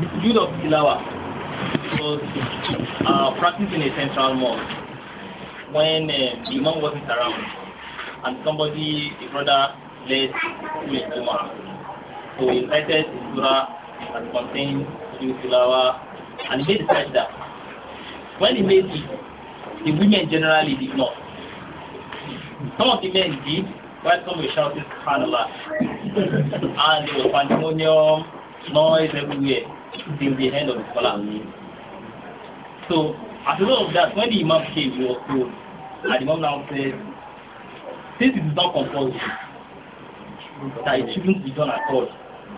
the sujood of Tilawa was uh, practiced in a central mosque when uh, the imam wasn't around and somebody, a brother, led to a Juma. So he recited the surah that contained sujood Tilawa and he made the sajda. When he made it, the women generally did not. Some of the men did, while some were shouting, SubhanAllah. and there was pandemonium, noise everywhere been the hand of the scholar me. So as a result of that, when the Imam came, he was told, and the Imam now said, since it is not compulsory, that it shouldn't be done at all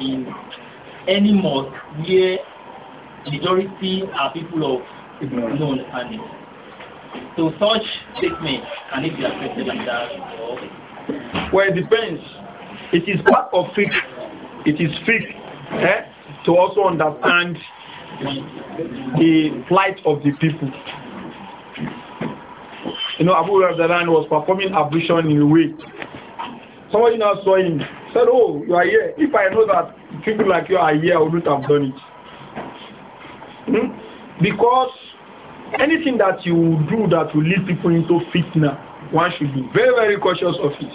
in any mosque where majority are people of no understanding. So such statement can it be accepted like that? Well, it depends. It is part of faith. It is faith. Eh? to also understand the plight of the people. You know, Abu Rabdalan was performing ablution in a way. Somebody now saw him, said, Oh, you are here. If I know that people like you are here, I wouldn't have done it. Hmm? Because anything that you do that will lead people into fitna, one should be very, very cautious of it.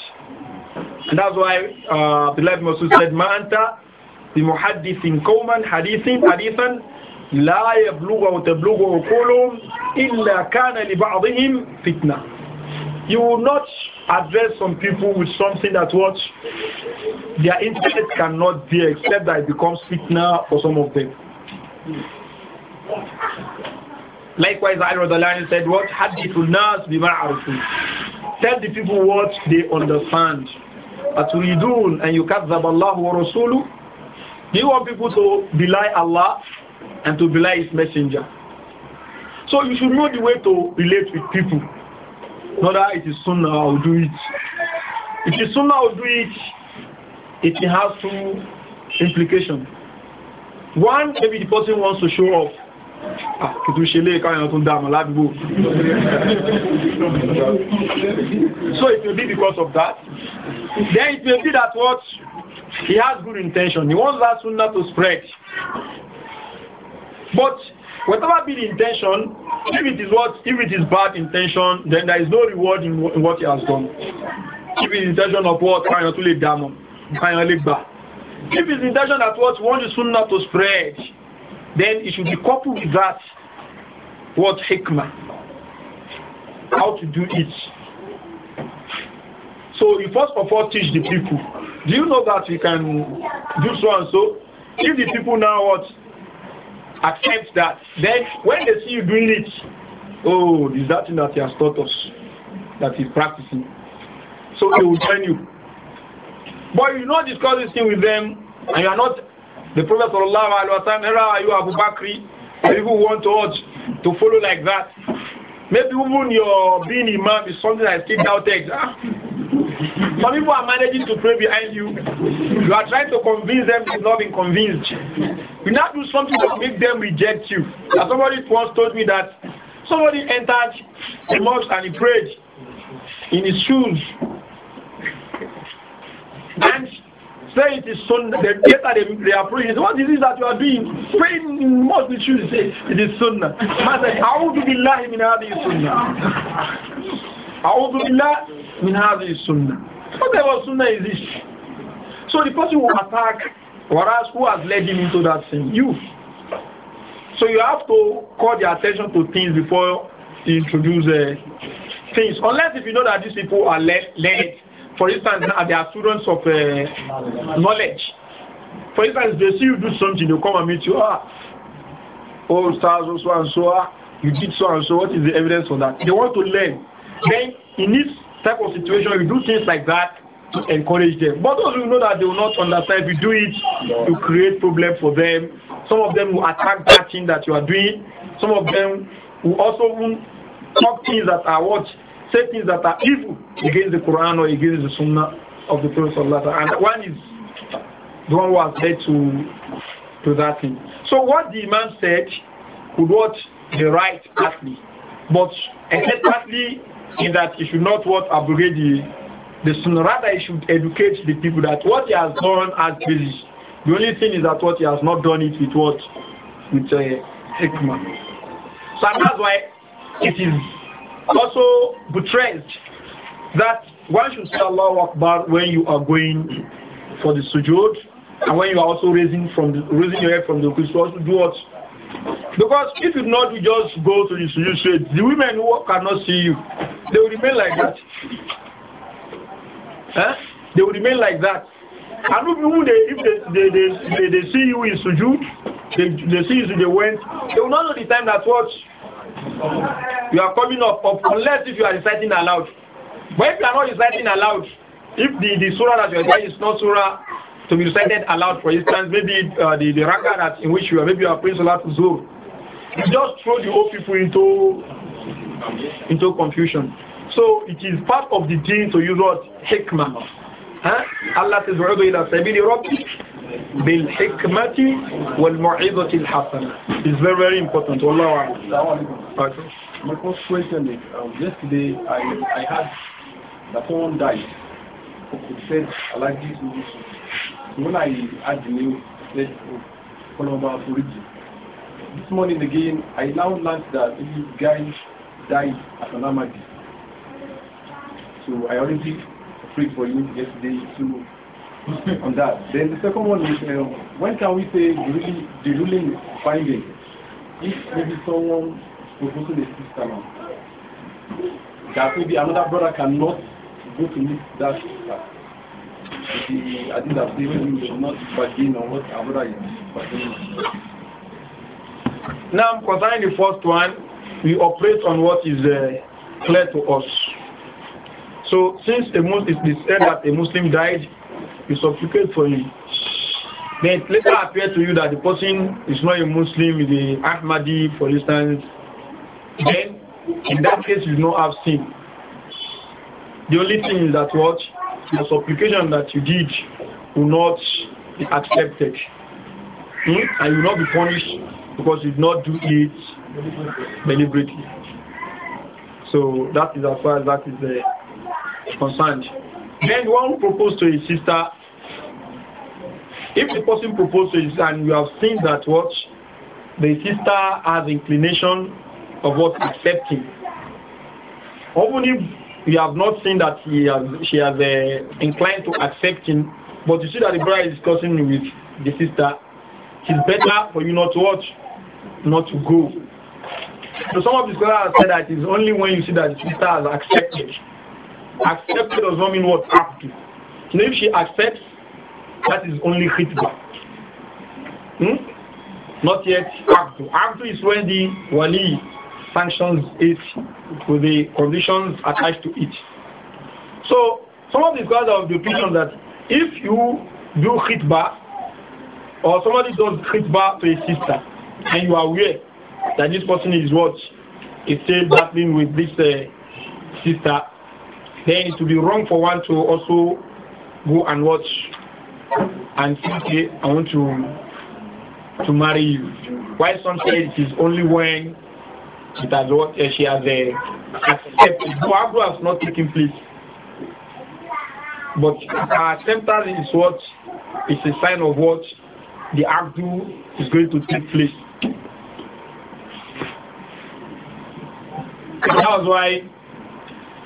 And that's why uh, the Life Muscle said, Ma'anta بمحدث قوما حديث حديثا لا يبلغ وتبلغ عقولهم إلا كان لبعضهم فتنة You will not address some people with something that what their intellect cannot bear except that it becomes fitna for some of them. Likewise, Ali Radhalani said, What hadithul nas bima'arifu. Tell the people what they understand. Aturidun and yukadzab Allah wa rasuluh do you want people to belie Allah and to belie His messenger? So you should know the way to relate with people. Not that it is sunnah, I'll do it. If It is sunnah, I'll do it. It has two implications. One, maybe the person wants to show off Ah, kìtù ṣe lé káyàn tó dámà ládùúgbò so it may be because of that then it may be that what he has good intention he wants that sunnah to spread but whatever be the intention if it is what if it is bad intention then there is no reward in, in what he has done if his intention of what káyàn tó lè dámà káyàn lè gbà if his intention that what he wants the sunnah to spread then it should be coupled with that what hikmah, how to do it. So you first of all teach the people. Do you know that you can do so and so? If the people now what accept that, then when they see you doing it, oh, is that thing that he has taught us, that he's practicing. So they will join you. But you not discuss this thing with them, and you are not the Prophet Allah, alaihi wasallam, here are you Abu Bakri, people want to urge to follow like that. Maybe even your being imam is something I still out Huh? Ah. Some people are managing to pray behind you. You are trying to convince them they've not been convinced. You now do something to make them reject you. As somebody once told me that somebody entered a mosque and he prayed in his shoes. And say it is sunnah. The later they, they are praying, what is it that you are doing? Praying in multitude, say it is sunnah. Man said, A'udhu billahi min hadhihi sunnah. A'udhu billahi min hadhihi sunnah. What type of sunnah is this? So the person will attack, whereas who has led him into that sin? You. So you have to call their attention to things before you introduce uh, things. Unless if you know that these people are led for instance, they are students of uh, knowledge. For instance, they see you do something, they come and meet you. Ah, oh, stars, so and so. Ah, you did so and so. What is the evidence for that? They want to learn. Then, in this type of situation, you do things like that to encourage them. But those who know that they will not understand, you do it to create problem for them. Some of them will attack that thing that you are doing. Some of them will also talk things that are what say things that are evil against the Quran or against the Sunnah of the Prophet. And one is the one who has led to, to that thing. So what the Imam said would what the right partly, but except partly in that he should not what abrogate the, the Sunnah. Rather, he should educate the people that what he has done as basis. The only thing is that what he has not done it with what? With uh, hikmah. So that's why it is also buttressed that one should say Allahu Akbar when you are going for the sujood and when you are also raising from the, raising your head from the rukui. to do what? Because if you not, you just go to the sujood straight. The women who cannot see you, they will remain like that. Huh? They will remain like that. And if they, if they, they, they, they, they see you in sujood, they, they see you, they went, they will not know the time that what you are coming up, up unless if you are reciting aloud. But if you are not reciting aloud, if the, the surah that you are doing is not surah to be recited aloud, for instance, maybe uh, the, the raka that in which you are, maybe you are praying salah zuhr, you just throw the old people into into confusion. So it is part of the deen to use what? Hikmah. Allah says, وَعُدُوا إِلَىٰ سَبِيلِ رَبِّكَ بِالْحِكْمَةِ وَالْمَعِذَةِ الْحَسَنَةِ It's very, very important. Wallahu okay. My first question is, um, yesterday I, I had the phone died. It said, I like this news. when I had the news, it said, Colomba Furiji. This morning again, I now learned that this guy died at an amadi. So I already prayed for you yesterday too on that. Then the second one is uh, when can we say the ruling, the ruling finding if maybe someone proposing a sister now that maybe another brother cannot go to meet that sister. The, I think that they will not bargain on what our brother is bargaining. Now, concerning the first one, we operate on what is uh, clear to us. So since a Muslim is said that a Muslim died, you supplicate for him. Then it later appears to you that the person is not a Muslim, is a Ahmadi, for instance. Then in that case you do not have sin. The only thing is that what the supplication that you did will not be accepted. Hmm? And you will not be punished because you did not do it deliberately. So that is as far as that is there concerned. Then one proposed to his sister. If the person proposed to his sister and you have seen that what the sister has inclination of what accepting, even if you have not seen that he has, she has uh, inclined to accepting, but you see that the bride is discussing with the sister, it's better for you not to watch, not to go. So some of the scholars said that it's only when you see that the sister has accepted Accepted does not mean what up to. So if she accepts, that is only khitbah. Hmm? Not yet abdu. Abdu is when the wali sanctions it with the conditions attached to it. So some of the scholars are the opinion that if you do khitbah or somebody does khitbah to a sister and you are aware that this person is what is still battling with this uh, sister, then it will be wrong for one to also go and watch and think, okay, I want to to marry you. Why some say it is only when it has what eh, she has uh, accepted. No, Abdul has not taken place. But her acceptance is what is a sign of what the Abdul is going to take place. And that was why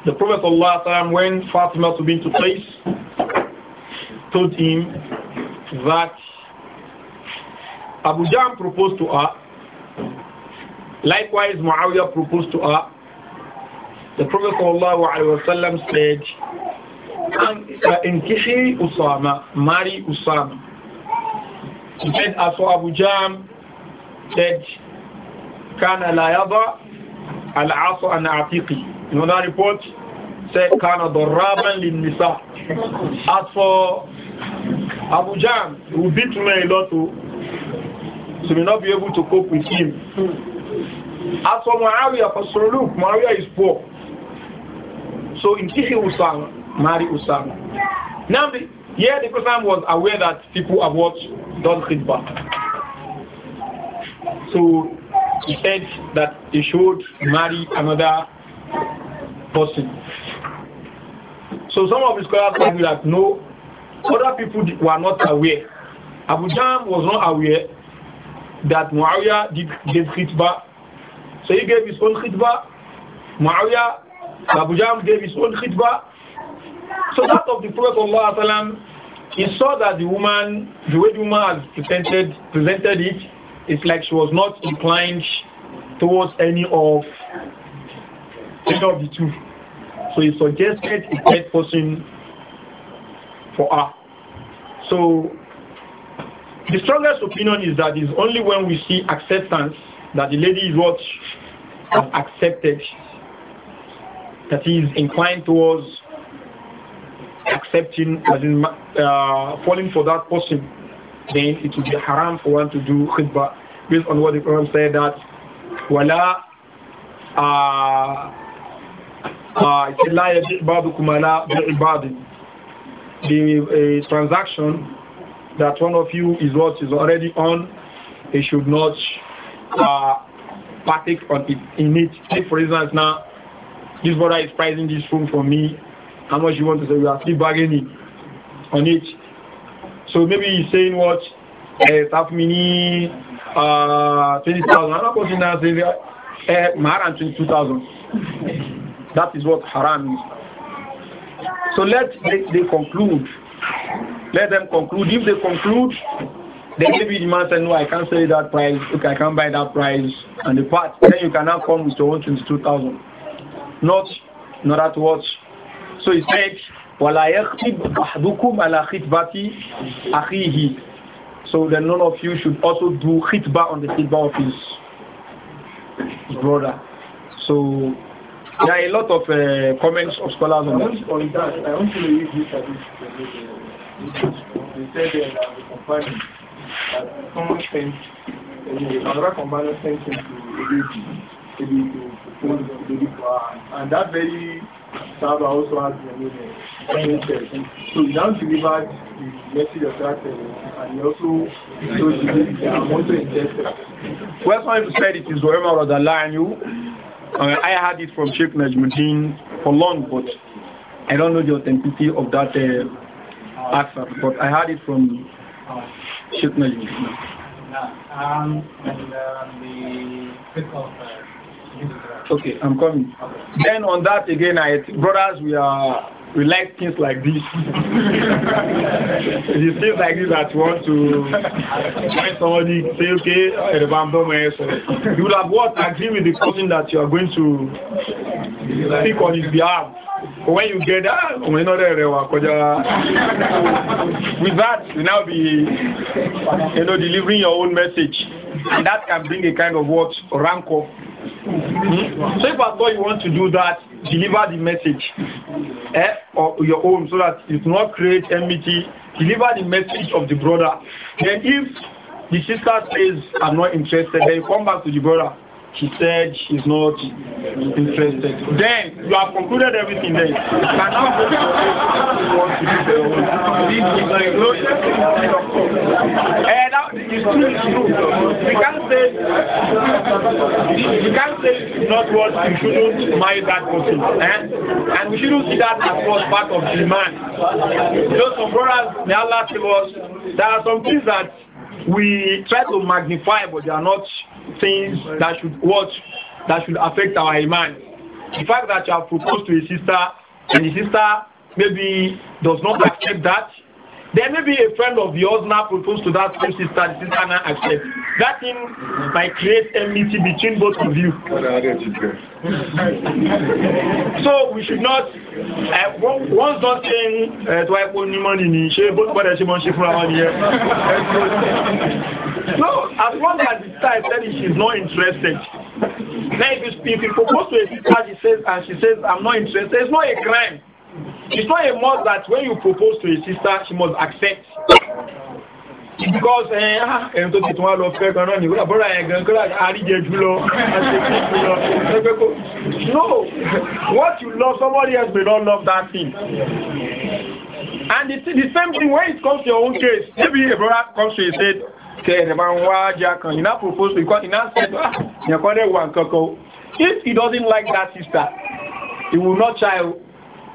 the Prophet ﷺ, when Fatima to be to place, told him that Abu Jam proposed to her. Likewise, Muawiyah proposed to her. The Prophet ﷺ said, Inkihi Usama, marry Usama. He said, as for Abu Jam, said, كان لا يضع العصا عن عتيقه in another report, said Kana Doraban Lin Nisa. As for Abu who he beat me a lot too. Oh. So we will not be able to cope with him. As for Muawiyah, for Suluk, Muawiyah is poor. So in Kihi Usama, marry Usama. Now, the, yeah, the Prophet was aware that people have not done khidbah. So he said that he should marry another person. So some of his scholars argue that no, other people were not aware. Abu Jam was not aware that Muawiyah did, gave khitbah. So he gave his own khitbah. Muawiyah, Abu Jam gave his own khitbah. So that of the Prophet Allah he saw that the woman, the way the woman has presented, presented it, it's like she was not inclined towards any of take out the two. So he suggested a third person for her. So the strongest opinion is that it's only when we see acceptance that the lady is what has accepted, that he is inclined towards accepting, as in uh, falling for that person, then it would be haram for one to do khidbah based on what the Quran said that wala uh, uh, it's a the uh, transaction that one of you is what is already on he should not uh, partake on it, in it say for instance now this brother is pricing this phone for me how much you want to say we are still bargaining on it so maybe he's saying what uh, eh, half mini uh, 20,000 I'm person now says uh, eh, 22,000 that is what haram is. So let they, conclude. Let them conclude. If they conclude, then maybe the man said, no, I can't sell that price. Okay, I can't buy that price. And the part, then you cannot come with your own 22,000. Not, not at what. So he said, وَلَا يَخْتِبْ أَحْدُكُمْ عَلَى خِتْبَةِ أَخِيهِ So then none of you should also do khitbah on the khitbah of his brother. So there are a lot of uh, comments of scholars on that that someone sent another companion sent him to the lady and that very server also has the name So he now delivered the message of that uh, and he also told the that I'm also interested. Well, some it is, said it is Omar you. Uh, I had it from Sheikh Najmuddin for long, but I don't know the authenticity of that uh, answer, but I had it from Sheikh Najmuddin. Um, and, um, uh, okay, I'm coming. Okay. Then on that again, I brothers, we are we like things like this. it is things like this that you want to find somebody, say, okay, you would have what? Agree with the person that you are going to speak on his behalf. But when you get that, with that, you now be you know, delivering your own message. and that can bring a kind of what rank of. Hmm? So if at all you want to do that, deliver the message eh, or your own so that you do not create enmity. Deliver the message of the brother. Then if the sister says, I'm not interested, then you come back to the brother she said she's not interested. Then you have concluded everything then. You can now go to And that is true, it's true. You can't say you can't say it's not what you shouldn't marry that person. Eh? And we shouldn't see that as was part of demand. Just some brothers, may Allah tell us there are some things that we try to magnify, but they are not things that should what that should affect our iman. The fact that you have proposed to a sister and the sister maybe does not accept that, there may be a friend of yours now proposed to that same sister, the sister now accept That thing might create enmity between both of you. so we should not, uh, once not saying, uh, eh, to I put money in, she both body she wants for our year. So as long as the sister said she's not interested, now if you, if you propose to a sister she says, and she says, I'm not interested, it's not a crime. It's not a must that when you propose to a sister, she must accept. It's because eh, ah, ẹ̀yìn tó ti tún wá lọ fẹ́ gan náà nìyí àbúrò ẹ̀ gan kúrò àríjẹ jùlọ jùlọ No, what you love somebody else may not love that thing. And the, the same thing when it comes to your own case, maybe a brother comes to you and said, "Okay, the man wá ajá kan, you now propose because you now said, ah, you kọ́ lè wà nǹkan kan. If he doesn't like that sister, he will not child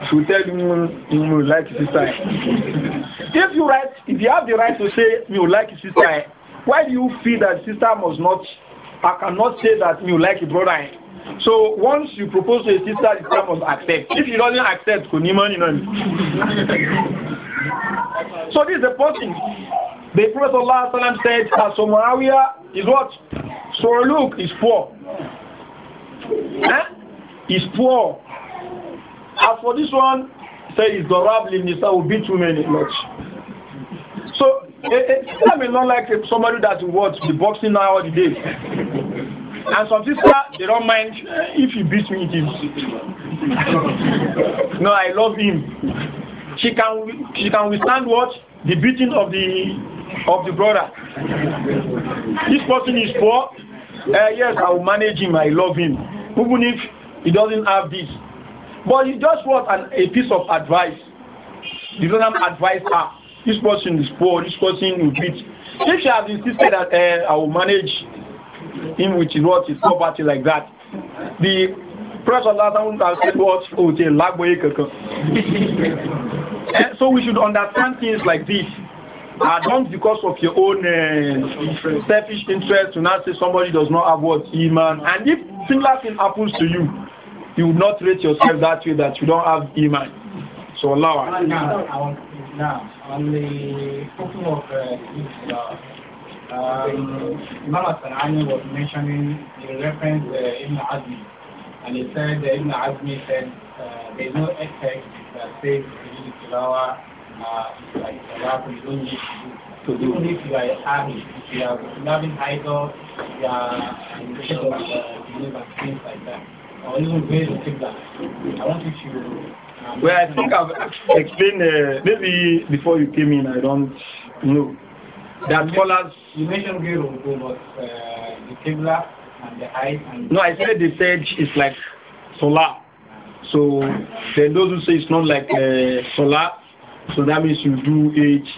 she tell you, you mm, mm, will like sister. if you right, if you have the right to say you like sister, why do you feel that sister must not? I cannot say that you like a brother. So once you propose to a sister, the sister must accept. If you doesn't accept, Kuniman, you know. so this is the first thing. The Prophet Allah said, Somalia is what? So look, is poor. Huh? Is poor. As for this one, say it's Dorab Limnisa will be too many much. So it, it, I mean, not like somebody that watch the boxing now all the day. And some sister they don't mind eh, if he beats me it is. no, I love him. She can she can withstand what? The beating of the of the brother. This person is poor. Uh, yes, I will manage him. I love him. Even if he doesn't have this, but you just want an, a piece of advice. You don't have advice. Ah, this person is poor. This person will beat. If she has insisted that uh, I will manage him with what is property like that, the Prophet that would have said what would oh, a lagboye boy? Eh, so we should understand things like this. Uh, ah, not because of your own uh, selfish interest to not say somebody does not have what man. And if similar thing happens to you, you would not rate yourself that way that you don't have iman. So Allah. Now, now on the topic of uh, um, Imam was mentioning the reference uh, Ibn Azmi, and he said that Ibn Azmi said uh, there is no effect that says religious tilawa uh, like tilawa you don't need to do. Even if you are a if you are loving idols, you are in the shape of uh, things like that. I want to. well, I think I've explained, uh, maybe before you came in, I don't know. That colors. You mentioned Gero, but uh, the Qibla and the height. And no, I said the sage is like solar. So then those who say it's not like uh, solar, so that means you do age.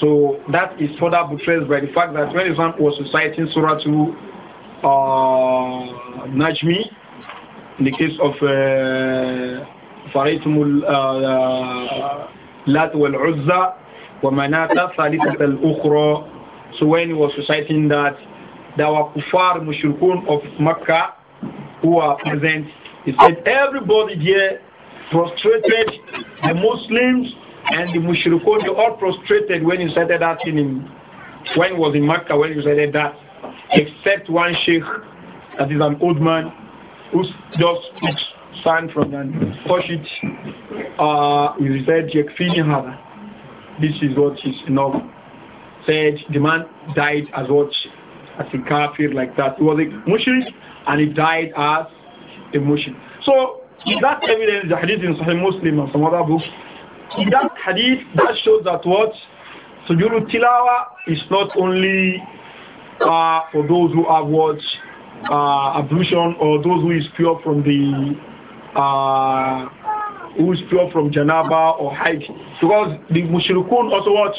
So that is further buttressed by the fact that when Islam was reciting Surah to uh, Najmi, in the case of فريتم اللات والعزى ومناة ثالثة الأخرى so when he was reciting that there were kuffar mushrikun of Mecca who are present he said everybody here prostrated the Muslims and the mushrikun they all prostrated when he said that in him when he was in Mecca when he said that except one sheikh that is an old man who just picks from and touch it, uh, he said, Yakfini This is what is enough. Said the man died as what? As a kafir like that. He was a mushrik and he died as a mushrik. So, that evidence, the hadith in Sahih Muslim and some other books, in that hadith, that shows that what? Sujudu Tilawa is not only uh, for those who have watched uh, ablution or those who is pure from the uh, who is pure from janaba or hajj because the mushrikun also watch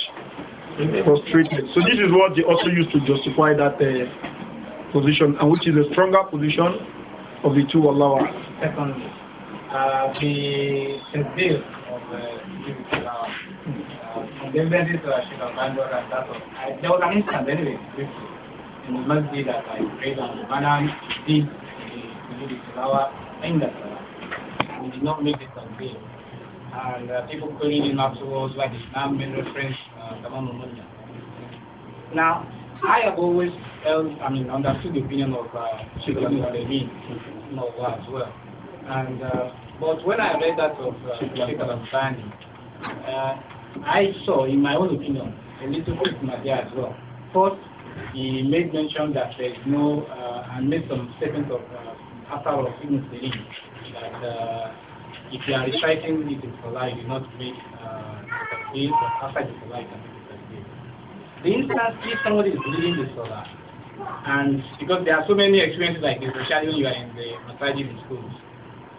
prostrated so this is what they also use to justify that uh, position and which is a stronger position of the two Allah second uh, the tadbir of the uh, uh, uh, condemned it to Ashik and that was, there was an incident anyway in the masjid that I prayed on the Banan, did the in the Salah. We did not make it convey. And uh, people calling him afterwards like the Imam made reference uh, to Imam Now, I have always held, I mean, understood the opinion of uh, Sheikh Ibn Alaymin as well. And, uh, but when I read that of uh, Sheikh uh, I saw, in my own opinion, a little bit in my as well. First, he made mention that there is no, uh, and made some statements of uh, after of Ibn believe that uh, if you are reciting it in Salah, you do not make uh, the but after the Salah, you can make the The instance if somebody is reading the Salah, and because there are so many experiences like this, especially when you are in the masajid in schools,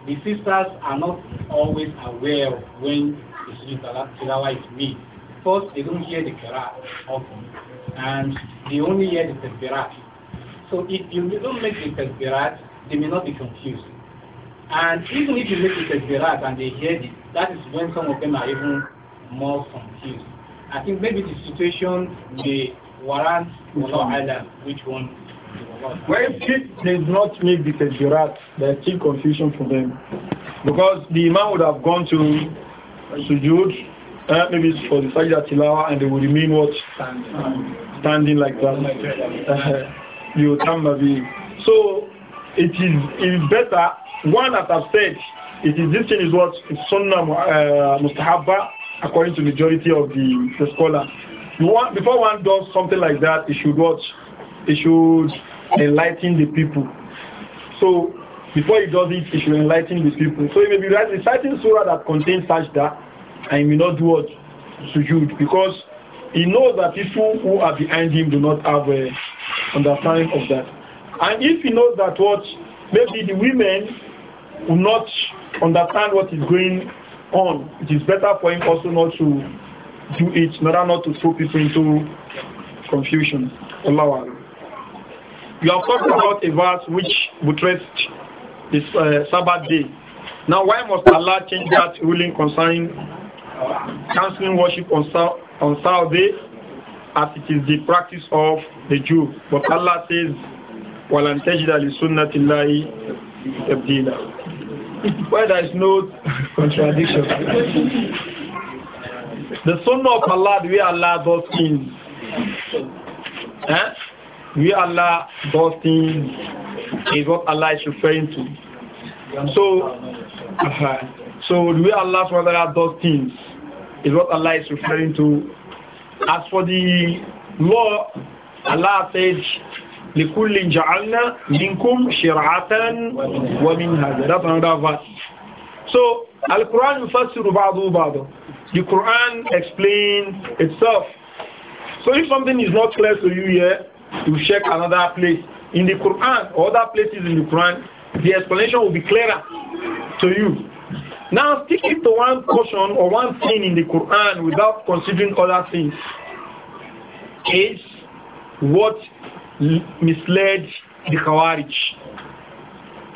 the sisters are not always aware of when the student Tilawa is made first they don't hear the qira'ah often, and they only hear the takbirat. So if you don't make the takbirat, they may not be confused. And even if you make the takbirat and they hear it, that is when some of them are even more confused. I think maybe the situation may warrant Allah either which one. When if does not make the takbirat, there is still confusion for them. Because the Imam would have gone to sujood uh, maybe it's for the Sajda Tilawa and they will remain what? Standing, Standing like that. Uh, you uh, So it is, it is better, one that a have said, it is, this thing is what Sunnah uh, have according to majority of the, the scholars. Want, before one does something like that, it should watch, it should enlighten the people. So before he does it, he should enlighten the people. So he may be reciting surah that contains such that and he will not do what? Sujood. Because he knows that people who are behind him do not have a uh, understanding of that. And if he knows that what, maybe the women will not understand what is going on, it is better for him also not to do it, rather not to throw people into confusion. Allah You are talking about a verse which would rest this uh, Sabbath day. Now, why must Allah change that ruling concerning cancelling worship on, on Saturday as it is the practice of the Jew. But Allah says, وَلَنْ تَجِدَ لِسُنَّةِ اللَّهِ تَبْدِيلًا Why there is no contradiction. the sunnah of Allah, the way Allah does things, eh? the Allah does things is what Allah is referring to. So, uh -huh. so the way Allah does things is what Allah is referring to. As for the law, Allah says, لِكُلٍ جَعَلْنَا مِنْكُمْ شِرْعَةً وَمِنْهَا That's another verse. So, Al-Quran to بعضه بعضه. The Quran explains itself. So if something is not clear to you here, you check another place. In the Quran, other places in the Quran, the explanation will be clearer to you. Now, sticking to one portion or one thing in the Quran without considering other things is what misled the Khawarij.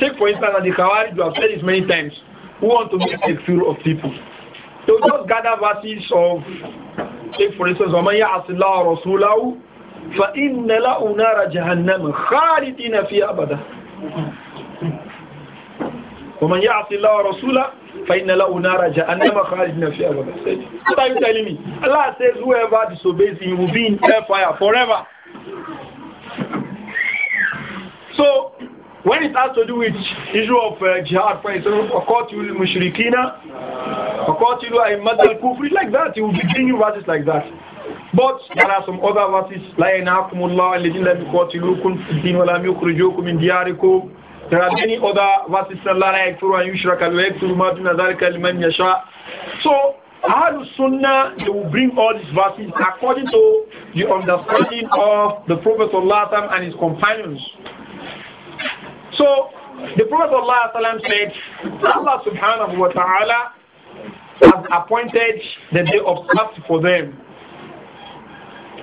Take, for instance, the Khawarij, you have said this many times, who want to make a few of people. So just gather verses of, take, for instance, وَمَنْ يَعْصِ اللَّهَ رَسُولَهُ فَإِنَّ لَهُ نَارَ جَهَنَّمَ خَالِدِينَ فِيهَا أَبَدًا ومن الله ورسوله فإن له نار جهنم فيها أبدا What are you telling me? Allah says whoever disobeys him will be in hellfire forever. So when it has to do with issue of uh, jihad, for example, وَقَاتِلُوا الْمُشْرِكِينَ وَقَاتِلُوا أَئِمَّةَ الْكُفْرِ like that, he will be giving you verses like that. But there are some other verses, لَا يَنْهَاكُمُ اللَّهُ الَّذِينَ لَمْ يُقَاتِلُوكُمْ فِي الدِّينِ وَلَمْ يُخْرِجُوكُمْ مِنْ دِيَارِكُمْ there are many other verses, Allah yakfuru an yushraka wa yakfuru ma duna dhalika liman yasha. So, Ahlul Sunnah, they will bring all these verses according to the understanding of the Prophet Allah and his companions. So, the Prophet Allah said, Allah subhanahu wa ta'ala has appointed the day of Sabbath for them.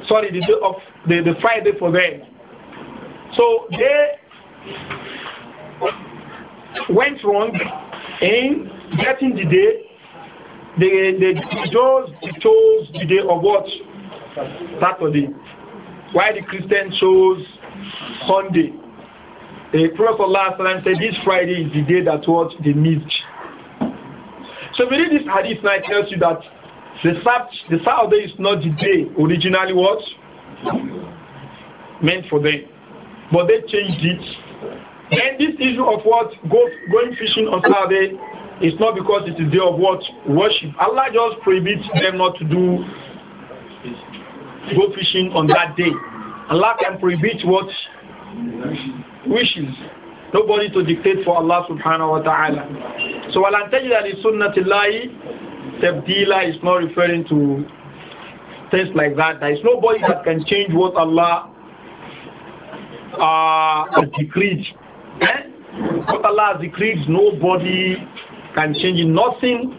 Sorry, the day of the, the Friday for them. So they went wrong in getting the day, they, they chose, chose the day of what? Saturday. Why the Christian chose Sunday? The Prophet Allah said this Friday is the day that what they missed. So we read this hadith now it tells you that the Saturday is not the day originally what meant for them, but they changed it and this issue of what goes, going fishing on Saturday is not because it is day of what worship. Allah just prohibits them not to do go fishing on that day. Allah can prohibit what wishes. Nobody to dictate for Allah subhanahu wa ta'ala. So i tell you that the sunnatillahi tabdila is not referring to things like that. There is nobody that can change what Allah uh, decreed Allah decrees. decreed, nobody can change it. Nothing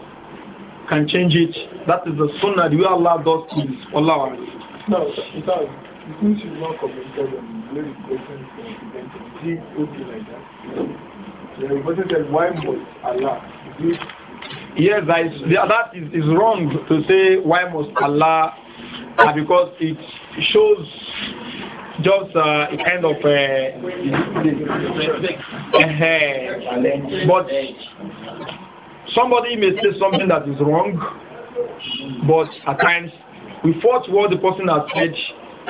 can change it. That is the sunnah, the way Allah to. things. Allah. No, sorry since you not commented on the question from the okay like that? The reporter said, why must Allah? yes, that, is, wrong to say why must Allah because it shows just uh, a kind of uh, uh, but somebody may say something that is wrong but at times we fought what the person has said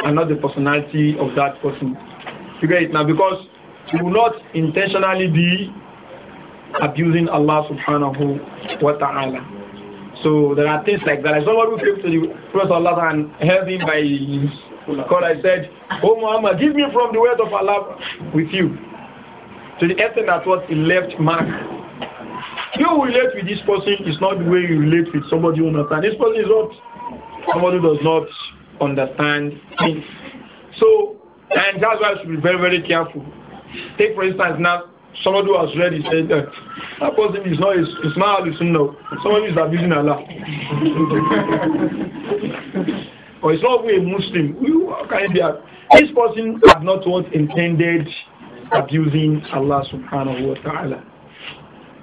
and not the personality of that person you get it now because you will not intentionally be abusing Allah subhanahu wa ta'ala so there are things like that. Like what who came to the Prophet Allah and held him by his because I said, Oh Muhammad, give me from the word of Allah with you. To the essence that what he left mark. You relate with this person is not the way you relate with somebody who understands. This person is not somebody who does not understand things. So, and that's why I should be very, very careful. Take for instance now somebody who has read it said that that person is not is, is not hallucinal. Somebody is abusing Allah. or it's not a Muslim. How can be this person had not what intended abusing Allah subhanahu wa ta'ala.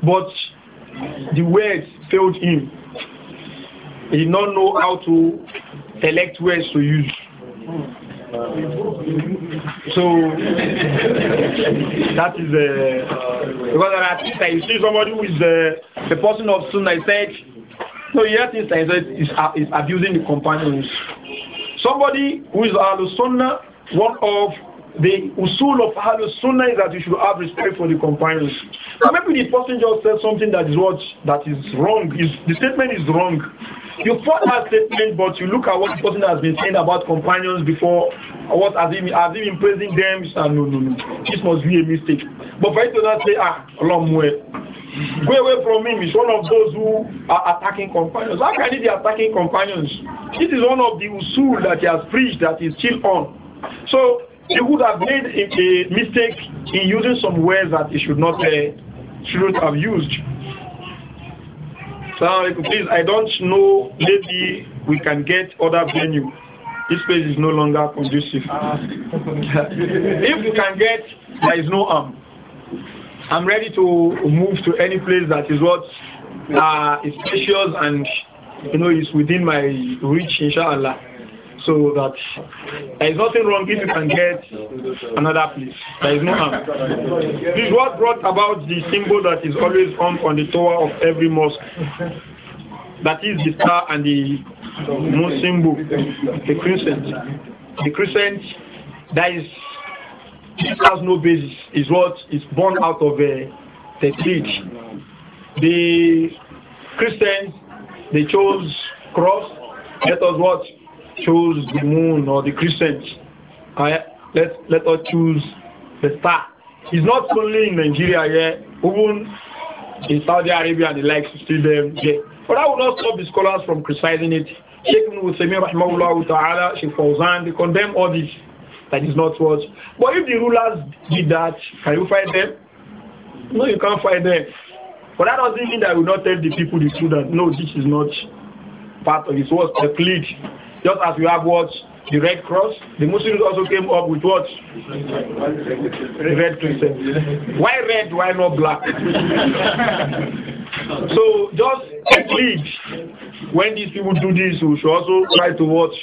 But the words failed him. He did not know how to select words to use. So that is a uh, because I see somebody who is uh, the person of sunnah said so yet is is, is abusing the companions. Somebody who is Ahlul Sunnah, one of the usul of Ahlul Sunnah is that you should have respect for the companions. Now maybe the person just said something that is what that is wrong. Is, the statement is wrong. You follow that statement, but you look at what the person has been saying about companions before, what has he been, has he been praising them? no, no, no. This must be a mistake. But for do to not say, ah, long way. Go away from him. He's one of those who are attacking companions. How can he be attacking companions? This is one of the usul that he has preached that is still on. So he would have made a, a mistake in using some words that he should not uh, shouldn't have used. So please, I don't know. Maybe we can get other venue. This place is no longer conducive. if we can get, there is no harm. I'm ready to move to any place that is what uh, is spacious and you know is within my reach, inshallah. So that there is nothing wrong if you can get another place. There is no harm. This is what brought about the symbol that is always on on the tower of every mosque. That is the star and the moon symbol, the crescent. The crescent, that is Jesus has no basis. Is what is born out of a uh, technique. The Christians they chose cross. Let us what choose the moon or the crescent. I, let let us choose the star. It's not only in Nigeria here, even in Saudi Arabia and the likes still there. But I will not stop the scholars from criticizing it. Sheikh Ibn Ta'ala, Sheikh Fawzan, they condemn all this. That is not what. But if the rulers did that, can you fight them? No, you can't fight them. But that doesn't mean that we will not tell the people the truth that no, this is not part of it. was a plea. Just as we have what the Red Cross, the Muslims also came up with what? Red Crescent. Why red? Why not black? so just plead. When these people do this, we should also try to watch,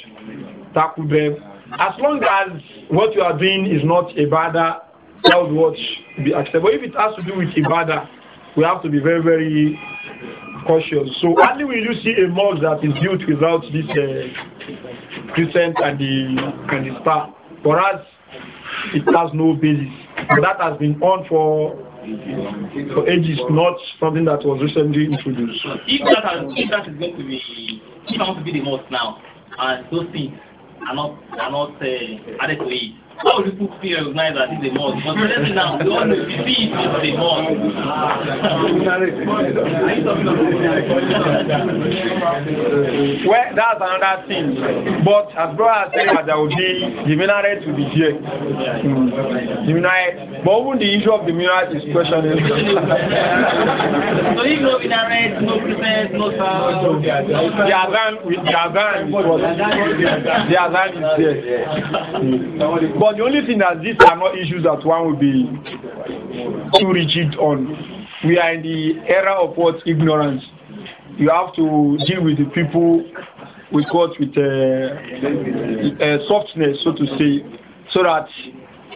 tackle them, as long as what you are doing is not ibadah, that would what be acceptable. If it has to do with ibadah, we have to be very, very cautious. So only will you see a mosque that is built without this uh, crescent and the and the star. For us, it has no basis. But that has been on for for ages, not something that was recently introduced. If that, has, if that is going to be, if I want to be the mosque now, and those things あの、あの、say, あれといい。How people feel recognized a mosque? But now, we all know, we see it as a mosque. well, that's another thing. But as brother said, there will be the minaret to be here. The minaret. But even the issue of the minaret is questionable. so even no minaret, no priests, no sound. The Azan, the Azan The Azan is there. But the only thing that these are not issues that one would be too rigid on. We are in the era of what ignorance. You have to deal with the people with what with uh, uh, softness, so to say, so that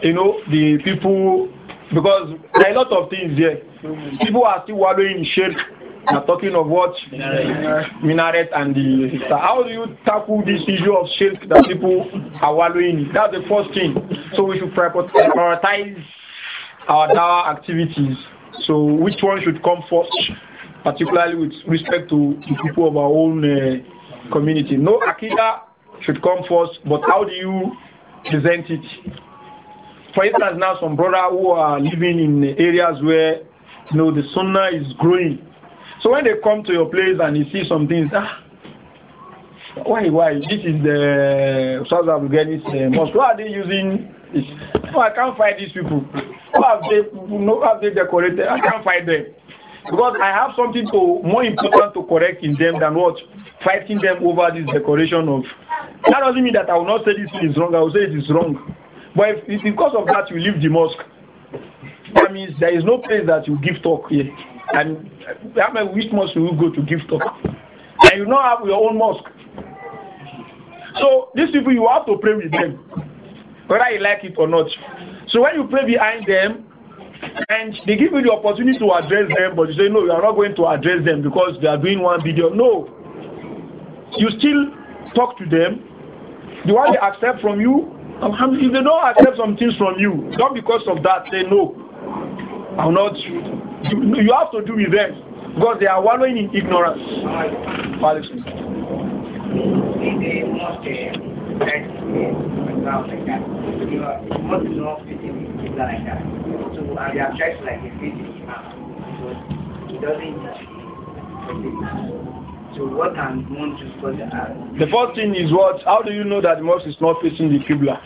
you know the people because there are a lot of things there. People are still wallowing in shirk now talking of what? Minaret. and the... how do you tackle this issue of shirk that people are wallowing in? That's the first thing. So we should prioritize our dawah activities. So which one should come first, particularly with respect to the people of our own uh, community? No akida should come first, but how do you present it? For instance, now some brother who are living in areas where you know the sunnah is growing so when they come to your place and you see some things, ah, why, why? This is the South Afghani's uh, mosque. Why are they using this? Oh, I can't find these people. Why have they, no, have they decorated? I can't find them. Because I have something to more important to correct in them than what fighting them over this decoration of. That doesn't mean that I will not say this is wrong. I will say it is wrong. But if, if because of that you leave the mosque, that means there is no place that you give talk here. And which mosque will you go to give talk? And you now have your own mosque. So these people, you have to pray with them, whether you like it or not. So when you pray behind them, and they give you the opportunity to address them, but you say, no, you are not going to address them because they are doing one video. No. You still talk to them. The one they accept from you, if they don't accept some things from you, not because of that, say, no, I'm not you, you have to do with them because they are wallowing in ignorance. So what can one for the The first thing is what? How do you know that the mosque is not facing the Qibla?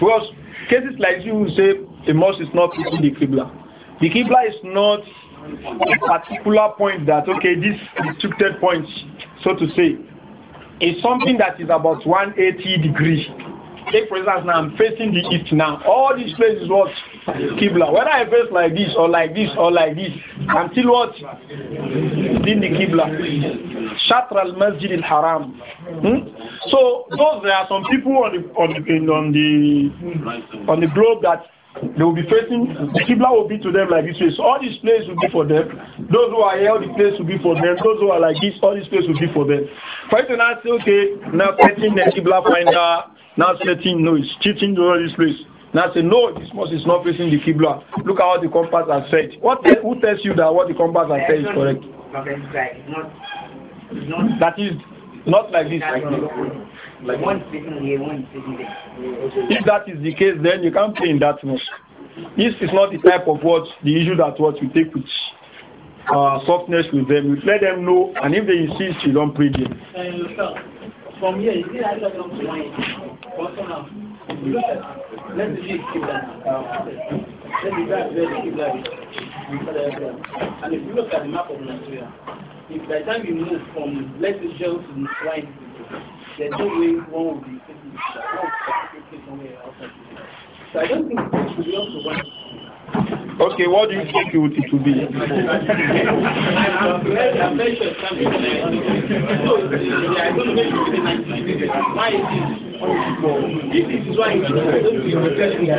Because cases like you will say the mosque is not facing the Qibla. The Kibla is not a particular point that, okay, this restricted point, so to say, is something that is about 180 degrees. Take for instance, now I'm facing the east now. All these places what Kibla. Whether I face like this or like this or like this, I'm still what? In the Kibla, Shatra al Masjid al Haram. Hmm? So those there are some people on the on the on the on the globe that they will be facing, the Qibla will be to them like this way. So all these places will be for them. Those who are here, the place will be for them. Those who are like this, all these places will be for them. For you say, okay, now facing the Qibla finder, now setting, no, it's cheating to all these places. Now say, no, this mosque is not facing the Qibla. Look at what the compass has said. What, who tells you that what the compass has said is correct? That is not like this. If that is the case, then you can't pay in that much. This is not the type of what the issue that what you take with uh, softness with them. You let them know, and if they insist, you don't pray them. From here, is let me just keep that. let me just keep that. And if you look at the map of Nigeria, if by the time you move from let's to the swine, there's no way one will be taking somewhere So I don't think we should be one. Okay, what do you think it would, it to be?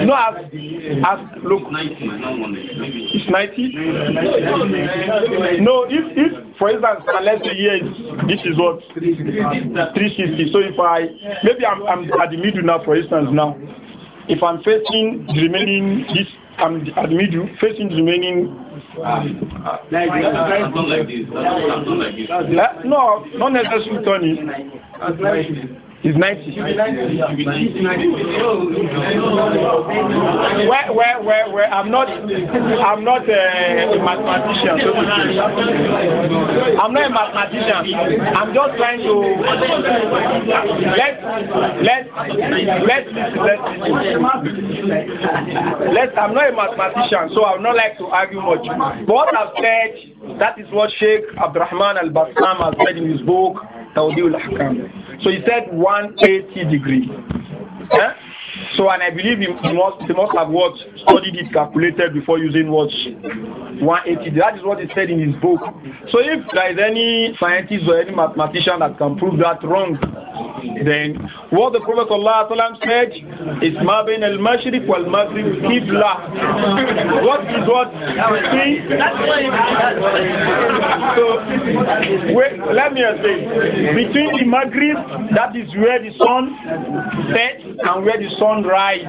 no, as, as look, it's 90. No, if, if for instance, unless the year this is what 360. So if I maybe I'm, I'm at the middle now, for instance, now if I'm facing the remaining this I'm admit middle facing the remaining. Uh, like uh, not not like this. not like this. Uh, not it's 90. Where, where, where, where? I'm not, I'm not a, mathematician. I'm not a mathematician. I'm just trying to let, let, let, let, let. I'm not a mathematician, so I would not like to argue much. But what I've said, that is what Sheikh Abdurrahman Al-Bassam has said in his book. So he said 180 degrees. So, and I believe he must, he must have what studied it, calculated before using what 180. That is what he said in his book. So, if there is any scientist or any mathematician that can prove that wrong, then what the Prophet ﷺ said is Mabin al Mashriq wal Maghrib Qibla. What is what? See? So, wait, let me explain. Between the Maghrib, that is where the sun sets, and where the sun sun rise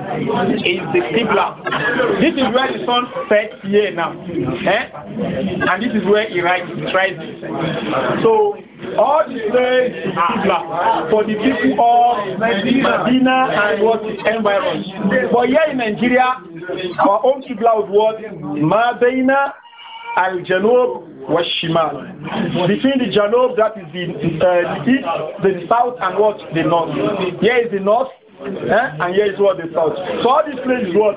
is the Qibla. This is where the sun sets here now. Eh? And this is where it rises. rises. So all the slaves to Qibla for the people of Medina and what is environment. But here in Nigeria, our own Qibla was what? Madina al Janub was Shimal. Between the Janub, that is the, uh, the east, the south, and what? The north. Here is the north, Eh? And here is what they thought. So all this place is what?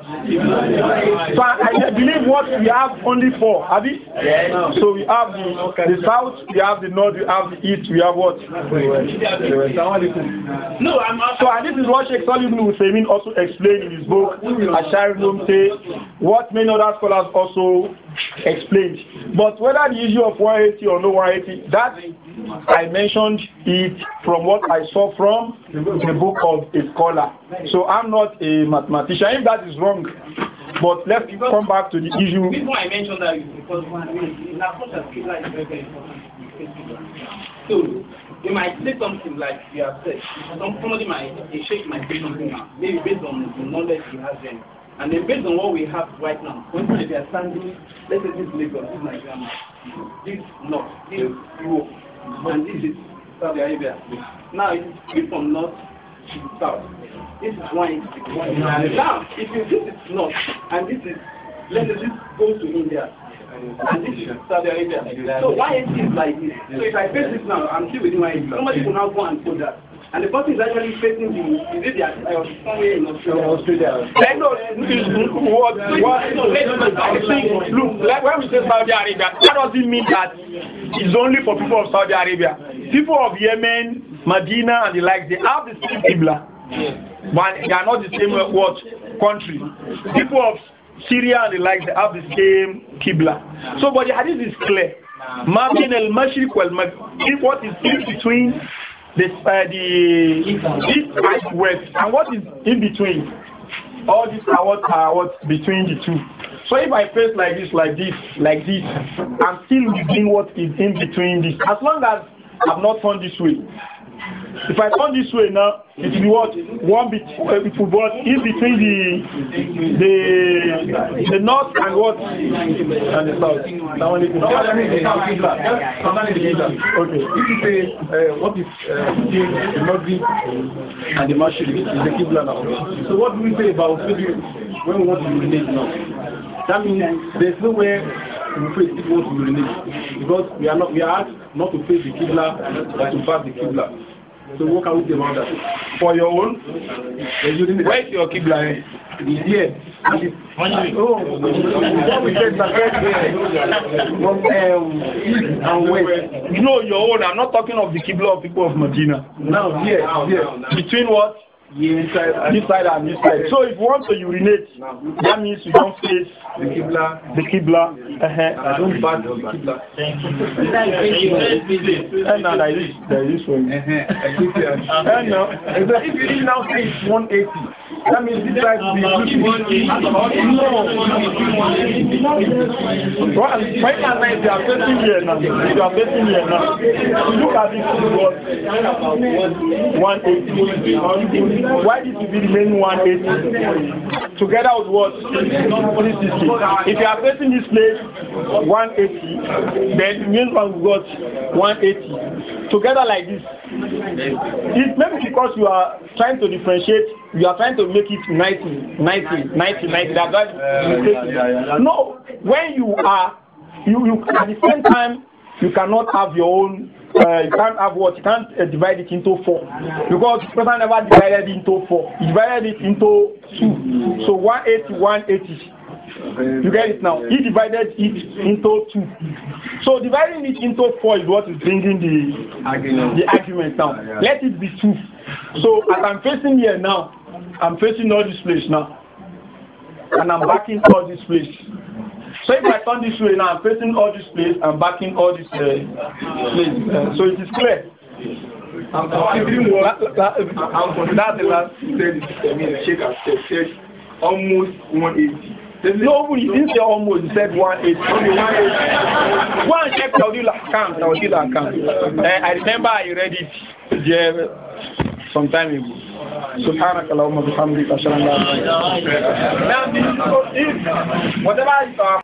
So I, I believe what we have only four, have we? So we have the, the south, we have the north, we have the east, we have what? No, I'm So and this is what Sheikh Salim Hussein also explained in his book, Ashari say what many other scholars also explained. But whether the issue of 180 or no 180, that I mentioned it from what I saw from the book of a scholar. So I'm not a mathematician. If that is wrong, but let's because come back to the issue. Before I mentioned that because I mean, like very, very important. So they might say something like you have said. somebody might shake my say now, maybe based on the knowledge he has then. And then based on what we have right now, when they are standing, let's say this Lagos, this Nigeria, this North, this Europe, and this is Saudi Arabia. Now it's split from North to South. This is one one. Now, if you this is North, and this is, let's say this goes to India, and this is Saudi Arabia. So why is it like this? So if I face this now, I'm still within my Somebody will now go and put that. And the person is actually facing the, is it the, uh, somewhere in Australia? Australia. No, what, look, like when we say Saudi Arabia, that doesn't mean that it's only for people of Saudi Arabia. People of Yemen, Medina, and the like, they have the same Qibla, but they are not the same what, country. People of Syria and the like, they have the same Qibla. So, but the hadith is clear. Mabin al wal-Maghrib. is between the uh, the this and west, and what is in between? All these are what are what between the two. So if I face like this, like this, like this, I'm still doing what is in between this. As long as i am not turned this way. If I turn this way now, it will what one be, it will be uh, in between the the the north and what and the south. Now the it is okay. If you say uh, what is uh, the Maghrib and the Mashriq is the Qibla now. So what do we say about when we want to urinate now? That means there's no way we face if we want to urinate because we are not we are asked not to face the Qibla but to pass the Qibla. So what can we say about that? For your own? Where's your Qibla? Here. Oh, what we said that um, No, your own. I'm not talking of the kibla of people of Medina. No, here, here. Between what? Inside this side and this side. So if you want to urinate, that means you don't face the kibla. The kibla. Uh-huh. I don't bat the kibla. And eh, now there is there is one. Uh-huh. And eh, now if you now face 180, that means this side is no. Right now are facing here now. are facing here now. Look at this. 180. Why did the main 180? Together with what? If you are facing this place 180, then it means one got 180. Together like this. It maybe because you are trying to differentiate, you are trying to make it 90, 90, 90, 90. That's why you No, when you are, you, you at the same time, you cannot have your own uh, you can't have what you can't uh, divide it into four because the person never divided into four. He divided it into two. So 180, You get it now? He divided it into two. So dividing it into four is what is bringing the argument, the argument now. Let it be two. So as I'm facing here now, I'm facing all this place now. And I'm backing all this place. So if I turn this way now, I'm facing all this place, I'm backing all this uh, place. Uh, so it is clear. I'm considering what the last said almost one eighty. No, he didn't say almost, he said 180. Go and check Taudila account, Taudila uh, I remember I read it yeah, some time ago. سبحانك اللهم وبحمدك اشهد ان لا اله الا انت